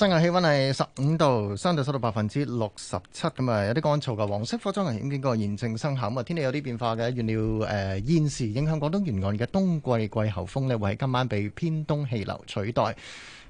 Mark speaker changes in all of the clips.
Speaker 1: 今日氣温係十五度，相對濕度百分之六十七，咁啊有啲乾燥嘅黃色火災危險警告現正生效，咁啊天氣有啲變化嘅。原料誒、呃、現時影響廣東沿岸嘅冬季季候風咧，會喺今晚被偏東氣流取代。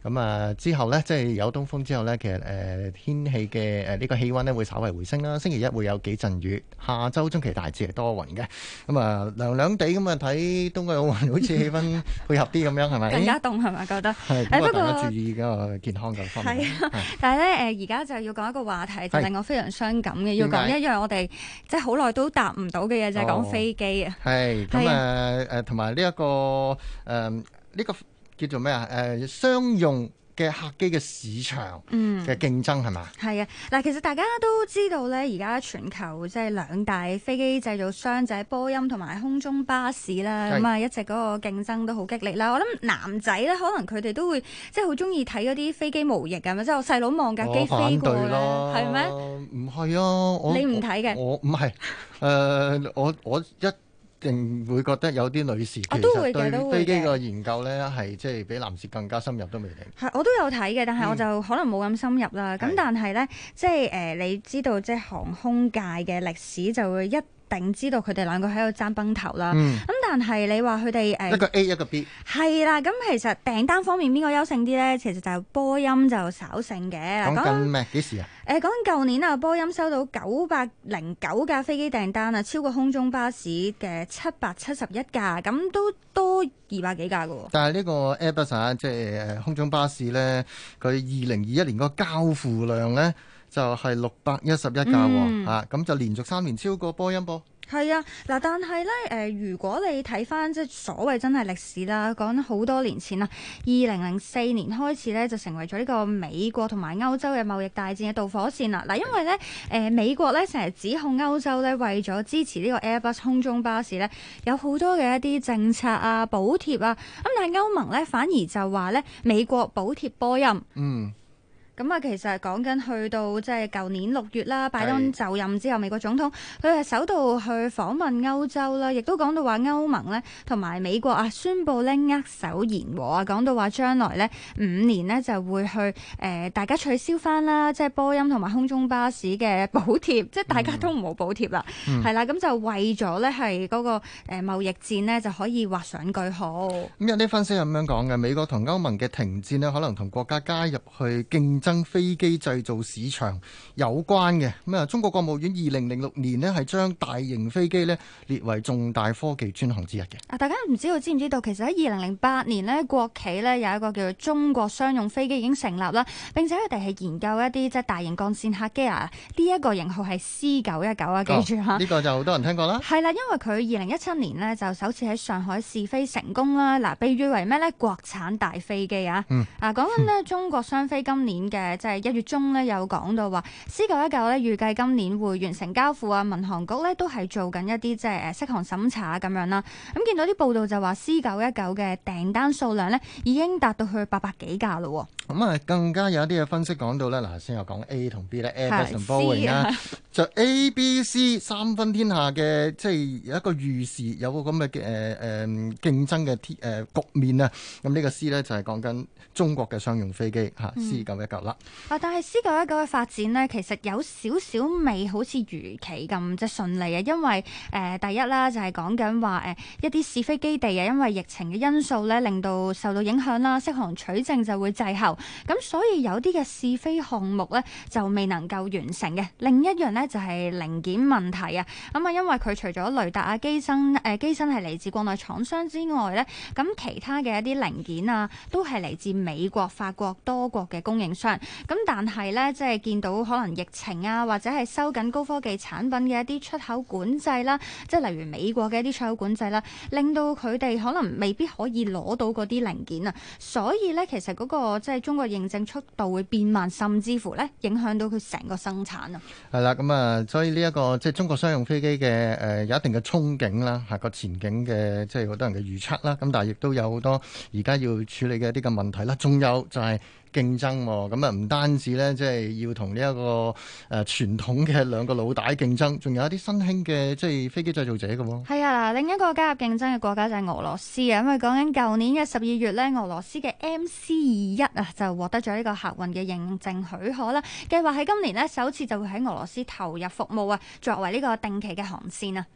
Speaker 1: 咁啊，之後呢，即係有東風之後呢，其實誒天氣嘅誒呢個氣温呢會稍為回升啦。星期一會有幾陣雨，下周中期大致係多雲嘅。咁啊涼涼地咁啊，睇冬季奧運好似氣氛配合啲咁樣，係咪更加
Speaker 2: 凍，係咪覺得？係，不過大家注
Speaker 1: 意嘅健康嘅方
Speaker 2: 面。係啊，但係呢，誒，而家就要講一個話題，就令我非常傷感嘅，要講一樣我哋即係好耐都搭唔到嘅嘢，就係講飛機
Speaker 1: 啊。係，咁啊誒，同埋呢一個誒呢個。叫做咩啊？誒、呃，商用嘅客機嘅市場，嘅競爭係嘛？
Speaker 2: 係啊、嗯，嗱吧，其實大家都知道咧，而家全球即係兩大飛機製造商就係波音同埋空中巴士啦，咁啊的、嗯、一直嗰個競爭都好激烈啦。我諗男仔咧，可能佢哋都會即係好鍾意睇嗰啲飛機模擬㗎嘛，即、就、係、是、我細佬望架機飛過囉，係咩？
Speaker 1: 唔係嗎啊，你唔睇嘅，我唔係，誒、呃，我我一。定會覺得有啲女士，我會其實對飛機個研究咧，係即係比男士更加深入都未定。
Speaker 2: 係我都有睇嘅，但係我就可能冇咁深入啦。咁、嗯、但係咧，的即係誒，你知道即係航空界嘅歷史就會一。頂知道佢哋兩個喺度爭崩頭啦，咁、嗯、但係你話佢哋誒一個 A 一個 B 係啦，咁其實訂單方面邊個優勝啲咧？其實就波音就稍勝嘅。講緊咩？幾時啊？誒講緊舊年啊，波音收到九百零九架飛機訂單啊，超過空中巴士嘅七百七十一架，咁都多二百幾架嘅喎。
Speaker 1: 但係呢個 Airbus 啊，即係空中巴士咧，佢二零二一年個交付量咧。就係六百一十一架喎，嚇咁、嗯啊、就連續三年超過波音噃。
Speaker 2: 係啊，嗱，但係咧，誒，如果你睇翻即係所謂真係歷史啦，講好多年前啦，二零零四年開始咧就成為咗呢個美國同埋歐洲嘅貿易大戰嘅導火線啦。嗱，因為咧，誒、呃，美國咧成日指控歐洲咧為咗支持呢個 Airbus 空中巴士咧，有好多嘅一啲政策啊、補貼啊，咁但係歐盟咧反而就話咧美國補貼波音，嗯。咁啊，其實講緊去到即係舊年六月啦，拜登就任之後，美國總統佢係首度去訪問歐洲啦，亦都講到話歐盟咧同埋美國啊，宣布咧握手言和啊，講到話將來咧五年咧就會去誒、呃、大家取消翻啦，即係波音同埋空中巴士嘅補貼，嗯、即係大家都唔好補貼啦，係啦、嗯，咁就為咗咧係嗰個誒貿易戰咧就可以畫上句號。
Speaker 1: 咁有啲分析係咁樣講嘅，美國同歐盟嘅停戰咧，可能同國家加入去競爭。跟飛機製造市場有關嘅。咁啊！中國國務院二零零六年咧，係將大型飛機咧列為重大科技專項之一嘅。
Speaker 2: 啊，大家唔知道知唔知道，其實喺二零零八年咧，國企咧有一個叫做中國商用飛機已經成立啦。並且佢哋係研究一啲即係大型幹線客機啊。呢一個型號係 C 九一九啊，記住嚇。呢、oh，個
Speaker 1: 就好多人聽過啦。
Speaker 2: 係啦、啊，嗯嗯、因為佢二零一七年咧就首次喺上海試飛成功啦。嗱、啊，被譽為咩呢？國產大飛機啊。啊，講緊咧中國商飛今年嘅。 誒，就係一月中咧，有講到話 C 九一九咧，預計今年會完成交付啊。民航局咧都係做緊一啲即係誒適航審查咁樣啦。咁、啊、見到啲報道就話 C 九一九嘅訂單數量呢，已經達到去八百幾架啦、哦。
Speaker 1: 咁啊，更加有一啲嘅分析講到呢。嗱，先我講 A 同 B 呢，就 A、B、C 三分天下嘅，即、就、係、是、有一個預示，有個咁嘅誒誒競爭嘅誒、呃、局面啊。咁呢個 C 呢，就係講緊中國嘅商用飛機吓、嗯、，C 九一九。
Speaker 2: 啊！但係 C 九一九嘅發展呢，其實有少少未好似如期咁即係順利啊，因為誒、呃、第一啦，就係講緊話誒一啲試飛基地啊，因為疫情嘅因素咧令到受到影響啦，適航取證就會滯後。咁所以有啲嘅試飛項目咧就未能夠完成嘅。另一樣呢，就係、是、零件問題啊，咁啊因為佢除咗雷達啊、機身誒、呃、機身係嚟自國內廠商之外呢，咁其他嘅一啲零件啊都係嚟自美國、法國多國嘅供應商。咁但係咧，即係見到可能疫情啊，或者係收緊高科技產品嘅一啲出口管制啦、啊，即係例如美國嘅一啲出口管制啦、啊，令到佢哋可能未必可以攞到嗰啲零件啊，所以咧，其實嗰、那個即係中國認證速度會變慢，甚至乎咧影響到佢成個生產啊。
Speaker 1: 係啦，咁、嗯、啊，所以呢、這、一個即係、就是、中國商用飛機嘅誒，有一定嘅憧憬啦，下個前景嘅，即係好多人嘅預測啦。咁但係亦都有好多而家要處理嘅一啲嘅問題啦，仲有就係、是。競爭咁啊，唔單止咧，即係要同呢一個誒、呃、傳統嘅兩個老大競爭，仲有一啲新興嘅即係飛機製造者嘅喎。
Speaker 2: 係啊，嗱，另一個加入競爭嘅國家就係俄羅斯啊，因為講緊舊年嘅十二月咧，俄羅斯嘅 MC 二一啊，就獲得咗呢個客運嘅認證許可啦，計劃喺今年呢，首次就會喺俄羅斯投入服務啊，作為呢個定期嘅航線啊。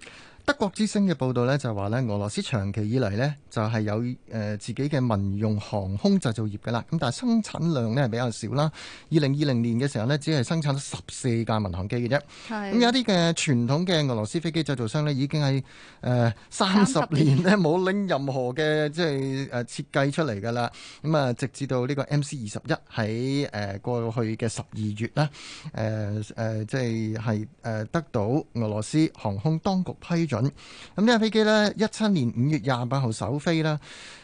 Speaker 1: 德國之聲嘅報道咧就係話咧，俄羅斯長期以嚟，咧就係、是、有誒、呃、自己嘅民用航空製造業噶啦，咁但係生產量咧係比較少啦。二零二零年嘅時候咧，只係生產咗十四架民航機嘅啫。係咁是、嗯、有啲嘅傳統嘅俄羅斯飛機製造商咧，已經係誒三十年咧冇拎任何嘅即係誒設計出嚟噶啦。咁啊，直至到呢個 M C 二十一喺誒過去嘅十二月啦，誒、呃、誒、呃呃、即係係誒得到俄羅斯航空當局批。準，咁呢架飛機呢，一七年五月廿八號首飛啦，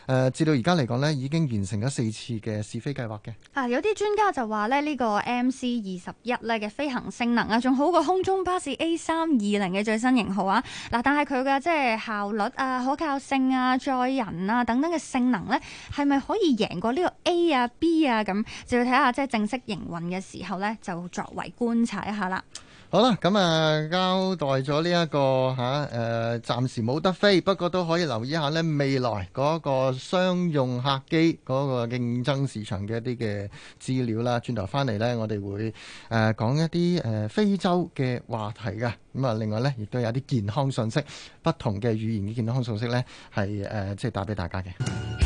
Speaker 1: 誒，至到而家嚟講呢，已經完成咗四次嘅試飛計劃嘅。
Speaker 2: 啊，有啲專家就話呢，呢、呢個 M C 二十一咧嘅飛行性能啊，仲好過空中巴士 A 三二零嘅最新型號啊。嗱、啊，但係佢嘅即係效率啊、可靠性啊、載人啊等等嘅性能呢，係咪可以贏過呢個 A 啊，啊，啊，啊、B 啊咁？就要睇下即係正式營運嘅時候呢，就作為觀察一下啦。
Speaker 1: 好啦，咁、嗯、啊交代咗呢一個吓，誒、啊呃、暫時冇得飛，不過都可以留意下呢未來嗰個商用客機嗰個競爭市場嘅一啲嘅資料啦。轉頭翻嚟呢，我哋會誒、呃、講一啲誒、呃、非洲嘅話題㗎。咁、嗯、啊，另外呢，亦都有啲健康信息，不同嘅語言嘅健康信息呢，係誒、呃、即係打俾大家嘅。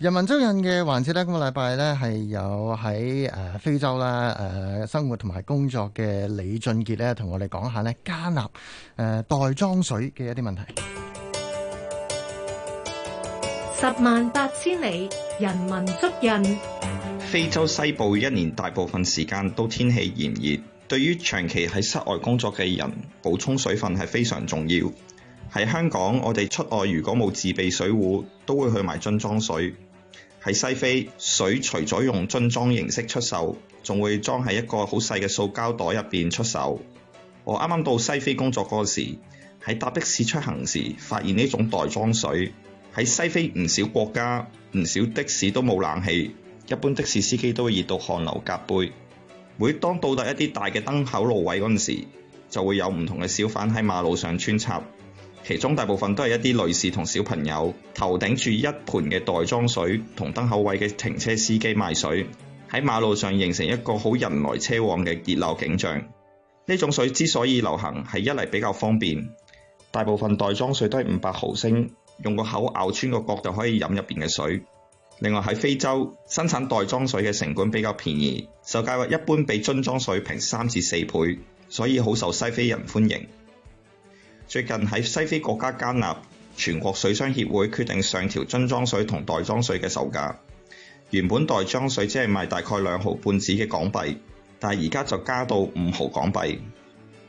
Speaker 1: 人文足印嘅環節咧，今個禮拜咧係有喺誒、呃、非洲啦誒、呃、生活同埋工作嘅李俊杰咧，同我哋講下咧加納誒袋裝水嘅一啲問題。
Speaker 3: 十萬八千里，人文足印。
Speaker 4: 非洲西部一年大部分時間都天氣炎熱，對於長期喺室外工作嘅人，補充水分係非常重要。喺香港，我哋出外如果冇自備水壺，都會去買樽裝水。喺西非，水除咗用樽裝形式出售，仲會裝喺一個好細嘅塑膠袋入邊出售。我啱啱到西非工作嗰時，喺搭的士出行時，發現呢種袋裝水喺西非唔少國家，唔少的士都冇冷氣，一般的士司機都會熱到汗流浹背。每當到達一啲大嘅燈口路位嗰陣時，就會有唔同嘅小販喺馬路上穿插。其中大部分都係一啲女士同小朋友，頭頂住一盤嘅袋裝水，同燈口位嘅停車司機賣水，喺馬路上形成一個好人來車往嘅熱鬧景象。呢種水之所以流行，係一嚟比較方便，大部分袋裝水都係五百毫升，用個口咬穿個角就可以飲入面嘅水。另外喺非洲生產袋裝水嘅成本比較便宜，售價一般比樽裝水平三至四倍，所以好受西非人歡迎。最近喺西非國家加納，全國水商協會決定上調樽裝水同袋裝水嘅售價。原本袋裝水只係賣大概兩毫半紙嘅港幣，但係而家就加到五毫港幣。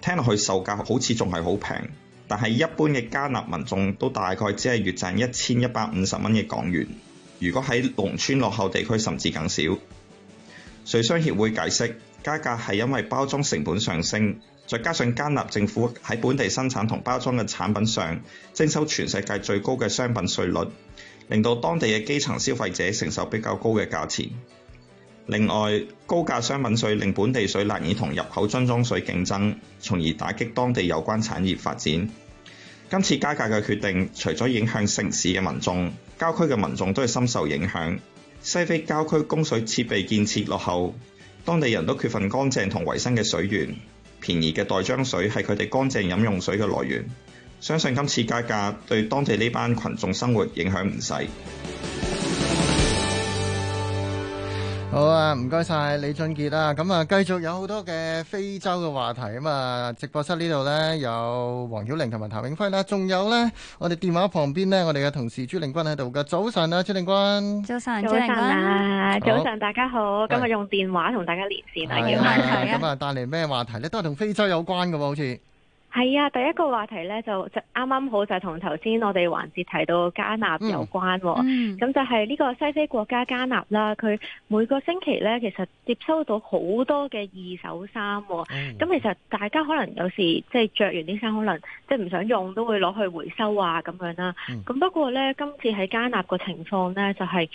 Speaker 4: 聽落去售價好似仲係好平，但係一般嘅加納民眾都大概只係月賺一千一百五十蚊嘅港元。如果喺農村落後地區，甚至更少。水商協會解釋加價係因為包裝成本上升。再加上加納政府喺本地生產同包裝嘅產品上徵收全世界最高嘅商品稅率，令到當地嘅基層消費者承受比較高嘅價錢。另外，高價商品稅令本地水難以同入口樽裝水競爭，從而打擊當地有關產業發展。今次加價嘅決定，除咗影響城市嘅民眾，郊區嘅民眾都係深受影響。西非郊區供水設備建設落後，當地人都缺乏乾淨同衞生嘅水源。便宜嘅袋裝水係佢哋乾淨飲用水嘅來源，相信今次加價對當地呢班群眾生活影響唔細。好啊，唔
Speaker 1: 該晒李俊杰啦，啊，咁啊繼續有好多嘅非洲嘅話題嘛，咁啊直播室呢度呢，有黃曉玲同埋譚永輝啦，仲有呢，我哋電話旁邊呢，我哋嘅同事朱令筠喺度噶，早晨啊朱令筠，早晨上，早晨，啊，早晨上、啊、大家好，今日用電
Speaker 3: 話同大家連線，大家好。咁是啊
Speaker 1: 帶嚟咩話題咧，都係同非洲有關噶好似。
Speaker 3: 係啊，第一個話題呢就就啱啱好就係同頭先我哋環節提到加納有關、哦，咁、嗯、就係呢個西非國家加納啦。佢每個星期呢其實接收到好多嘅二手衫、哦。咁、嗯、其實大家可能有時即係着完啲衫，可能即係唔想用，都會攞去回收啊咁樣啦。咁、嗯、不過呢，今次喺加納個情況呢，就係、是。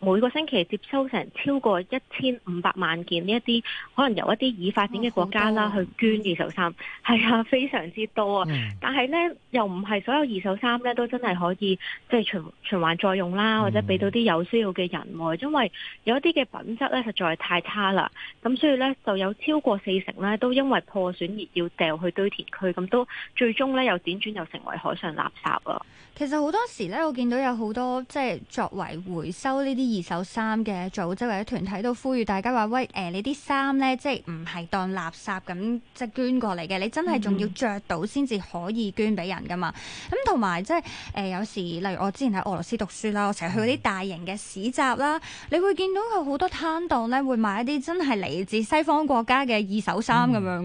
Speaker 3: 每個星期接收成超過一千五百萬件呢一啲，可能由一啲已發展嘅國家啦、哦啊、去捐二手衫，係啊，非常之多啊。嗯、但係呢，又唔係所有二手衫呢都真係可以即係循循環再用啦，或者俾到啲有需要嘅人喎、啊，因為有一啲嘅品質呢，實在係太差啦。咁所以呢，就有超過四成呢都因為破損而要掉去堆填區，咁都最終呢，又輾轉又成為海上垃圾咯。
Speaker 2: 其實好多時呢，我見到有好多即係作為回收呢。啲二手衫嘅組織或者團體都呼籲大家話喂，誒、呃，你啲衫呢，即係唔係當垃圾咁即係捐過嚟嘅，你真係仲要着到先至可以捐俾人噶嘛？咁同埋即係誒、呃，有時例如我之前喺俄羅斯讀書啦，我成日去嗰啲大型嘅市集啦，你會見到佢好多攤檔呢，會賣一啲真係嚟自西方國家嘅二手衫咁，嗯、樣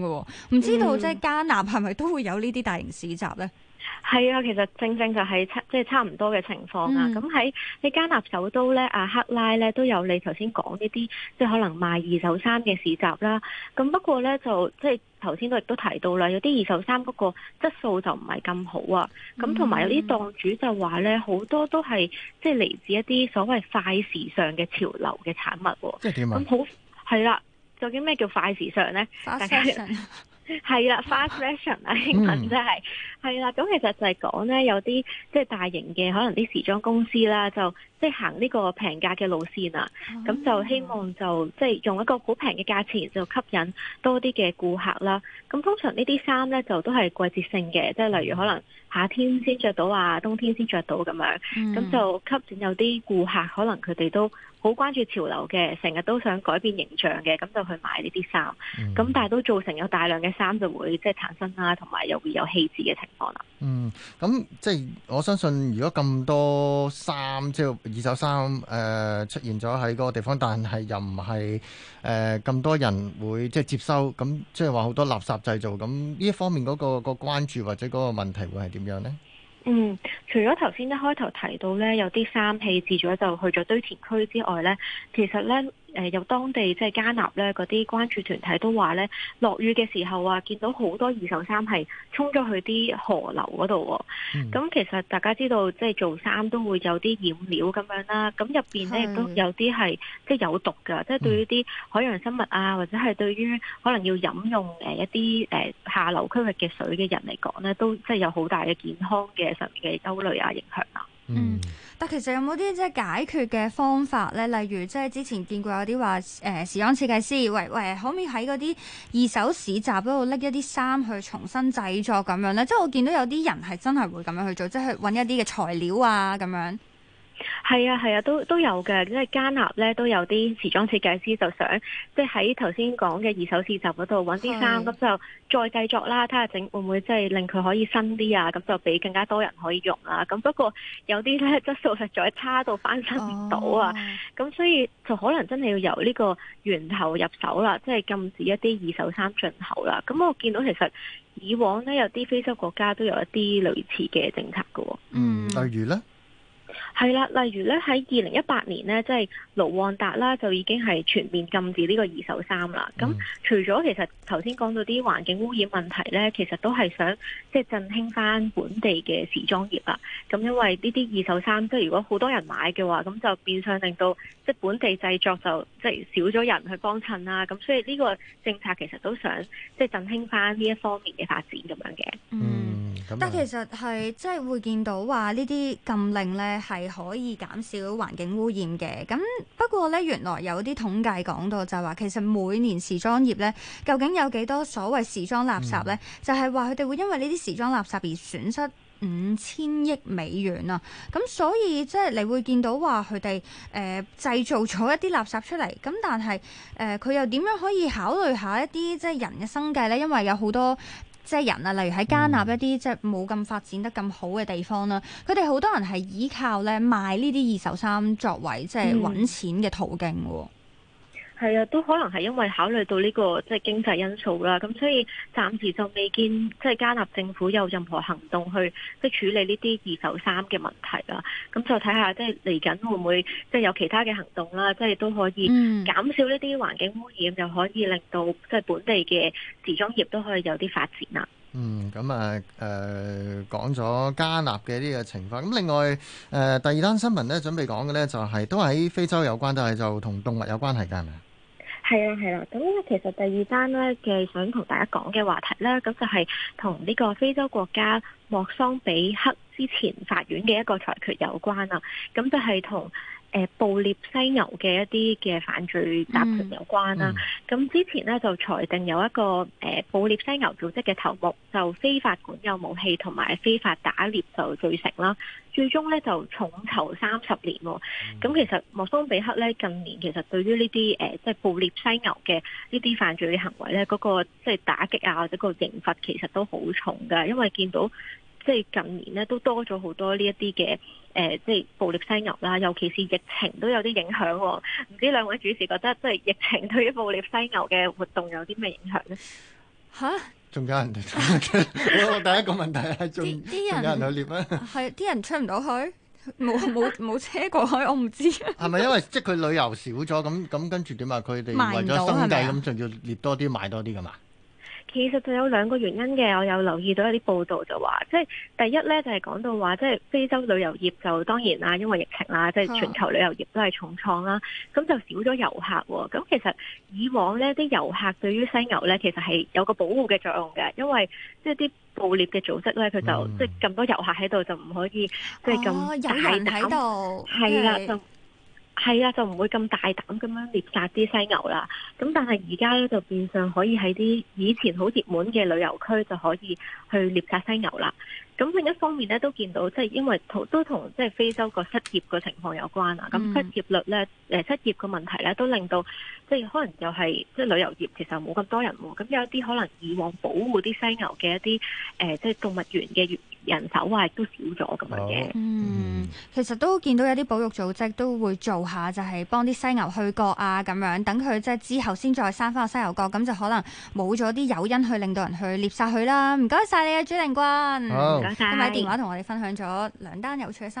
Speaker 2: 嘅，唔知道即係加納係咪
Speaker 3: 都會有呢啲大型市集呢？係啊，其實正正就係差，即係差唔多嘅情況啊。咁喺加納首都咧，阿克拉咧，都有你頭先講呢啲，即係可能賣二手衫嘅市集啦。咁不過咧，就即係頭先都亦都提到啦，有啲二手衫嗰個質素就唔係咁好啊。咁同埋有啲檔主就話咧，好多都係即係嚟自一啲所謂快時尚嘅潮流嘅產物。即係點啊？咁好係啦。究竟咩叫快時尚咧？生大家。 係啦，fast fashion 啊，英文真係，係啦、嗯。咁其實就係講呢，有啲即係大型嘅，可能啲時裝公司啦，就即係行呢個平價嘅路線啊。咁、嗯、就希望就即係用一個好平嘅價錢，就吸引多啲嘅顧客啦。咁通常呢啲衫呢，就都係季節性嘅，即係例如可能夏天先着到啊，冬天先着到咁樣。咁、嗯、就吸引有啲顧客，可能佢哋都。好關注潮流嘅，成日都想改變形象嘅，咁就去買呢啲衫。咁、嗯、但係都造成有大量嘅衫就會即係產生啦，同埋又會有棄置嘅情況啦。嗯，
Speaker 1: 咁即係我相信，如果咁多衫，即係二手衫，誒、呃、出現咗喺嗰個地方，但係又唔係誒咁多人會即係接收，咁即係話好多垃圾製造，咁呢一方面嗰、嗰個、嗰個關注或者嗰個問題會係點樣呢？
Speaker 3: 嗯，除咗頭先一開頭提到咧，有啲衫棄置咗就去咗堆填區之外咧，其實咧。誒，有、呃、當地即係加納咧，嗰啲關注團體都話咧，落雨嘅時候啊，見到好多二手衫係衝咗去啲河流嗰度喎。咁、嗯、其實大家知道，即係做衫都會有啲染料咁樣啦。咁入邊咧亦都有啲係即係有毒嘅，嗯、即係對於啲海洋生物啊，或者係對於可能要飲用誒一啲誒下流區域嘅水嘅人嚟講咧，都即係有好大嘅健康嘅上面嘅憂慮啊、影響啊。嗯。
Speaker 2: 但其實有冇啲即係解決嘅方法咧？例如即係之前見過有啲話誒時裝設計師，喂喂，可唔可以喺嗰啲二手市集嗰度拎一啲衫去重新製作咁樣咧？即係我見到有啲人係真係會咁樣去做，即係去揾一啲嘅材料啊咁樣。
Speaker 3: 係啊，係啊，都都有嘅。即係加納呢，都有啲時裝設計師就想，即係喺頭先講嘅二手市集嗰度揾啲衫，咁是就再製作啦，睇下整會唔會即係令佢可以新啲啊，咁就俾更加多人可以用啊。咁不過有啲呢質素實在差到翻新唔到啊，咁、哦、所以就可能真係要由呢個源頭入手啦，即係禁止一啲二手衫進口啦。咁我見到其實以往呢，有啲非洲國家都有一啲類似嘅政策
Speaker 1: 嘅、哦。嗯，例如呢？
Speaker 3: 係啦，例如咧，喺二零一八年呢，即係盧旺達啦，就已經係全面禁止呢個二手衫啦。咁、嗯、除咗其實頭先講到啲環境污染問題呢，其實都係想即係振興翻本地嘅時裝業啦。咁因為呢啲二手衫，即係如果好多人買嘅話，咁就變相令到即係本地製作就即係少咗人去幫襯啦。咁所以呢個政策其實都想即係振興翻呢一方面嘅發展咁樣嘅。嗯，嗯，
Speaker 2: 但其實係即係會見到話呢啲禁令呢係。係可以減少環境污染嘅，咁不過呢，原來有啲統計講到就係話，其實每年時裝業呢，究竟有幾多所謂時裝垃圾呢？嗯、就係話佢哋會因為呢啲時裝垃圾而損失五千億美元啊！咁所以即係你會見到話佢哋誒製造咗一啲垃圾出嚟，咁但係誒佢又點樣可以考慮一下一啲即係人嘅生計呢？因為有好多。即係人啊，例如喺加納一啲，嗯、即係冇咁發展得咁好嘅地方啦，佢哋好多人係依靠咧賣呢啲二手衫作為即係揾錢嘅途徑喎。嗯。
Speaker 3: 係啊，都可能係因為考慮到呢、這個即係經濟因素啦，咁所以暫時就未見即係加納政府有任何行動去即係處理呢啲二手衫嘅問題啦。咁就睇下，即係嚟緊會唔會即係有其他嘅行動啦？即係都可以減少呢啲環境污染，嗯、就可以令到即係本地嘅時裝業都可以有啲發展啊、嗯。嗯、
Speaker 1: 咁、嗯、啊，誒，講咗加納嘅呢個情況。咁另外，誒、嗯，第二單新聞咧，準備講嘅咧就係、是、都係喺非洲有關，但係就同動物有關係噶，係咪啊？
Speaker 3: 係啦，係啦，咁其實第二單呢，嘅想同大家講嘅話題呢，咁就係同呢個非洲國家莫桑比克之前法院嘅一個裁決有關啊，咁就係同。誒、呃、捕獵犀牛嘅一啲嘅犯罪集團有關啦，咁、嗯、之前呢，就裁定有一個誒、呃、捕獵犀牛組織嘅頭目就非法管有武器同埋非法打獵就罪成啦，最終呢，就重囚三十年喎。咁、嗯、其實莫桑比克呢，近年其實對於呢啲誒即係捕獵犀牛嘅呢啲犯罪嘅行為呢，嗰、那個即係打擊啊，或者個刑罰其實都好重㗎，因為見到。即係近年咧，都多咗好多呢一啲嘅，誒、呃，即係暴力犀牛啦，尤其是疫情都有啲影響、哦。唔知兩位主持覺得，即係疫情對於暴力犀牛嘅活動有啲咩影響咧？吓哈？
Speaker 1: 仲有人哋？ 我第一個問題係仲仲有人去獵咩？
Speaker 2: 係，啲人出唔到去，冇冇
Speaker 1: 冇車過去，我唔知。係咪 因為即係佢旅遊少咗，咁咁跟住點啊？佢哋為咗生計，咁仲要獵多啲，賣多啲噶嘛？
Speaker 3: 其實就有兩個原因嘅，我有留意到一啲報道就話，即係第一呢，就係講到話，即係非洲旅遊業就當然啦，因為疫情啦，即係全球旅遊業都係重創啦，咁、啊、就少咗遊客、哦。咁其實以往呢啲遊客對於犀牛呢，其實係有個保護嘅作用嘅，因為即係啲暴獵嘅組織呢，佢就即係咁多遊客喺度就唔可以即係咁大膽，係啦的係啊，就唔會咁大膽咁樣獵殺啲犀牛啦。咁但係而家呢，就變相可以喺啲以前好熱門嘅旅遊區就可以去獵殺犀牛啦。咁另一方面咧，都見到即係因為都同即係非洲個失業嘅情況有關啊。咁、嗯、失業率咧，誒失業嘅問題咧，都令到即係可能又係即係旅遊業其實冇咁多人喎。咁有一啲可能以往保護啲犀牛嘅一啲誒即係動物園嘅人手啊，都少咗咁樣嘅。哦、嗯，嗯其實都
Speaker 2: 見到有啲保育組織都會做下，就係、是、幫啲犀牛去角啊，咁樣等佢即係之後先再生翻個犀牛角，咁就可能冇咗啲誘因去令到人去獵殺佢啦。唔該晒你啊，朱令筠。嗯今日喺電話同我哋分享咗兩單有趣嘅新聞。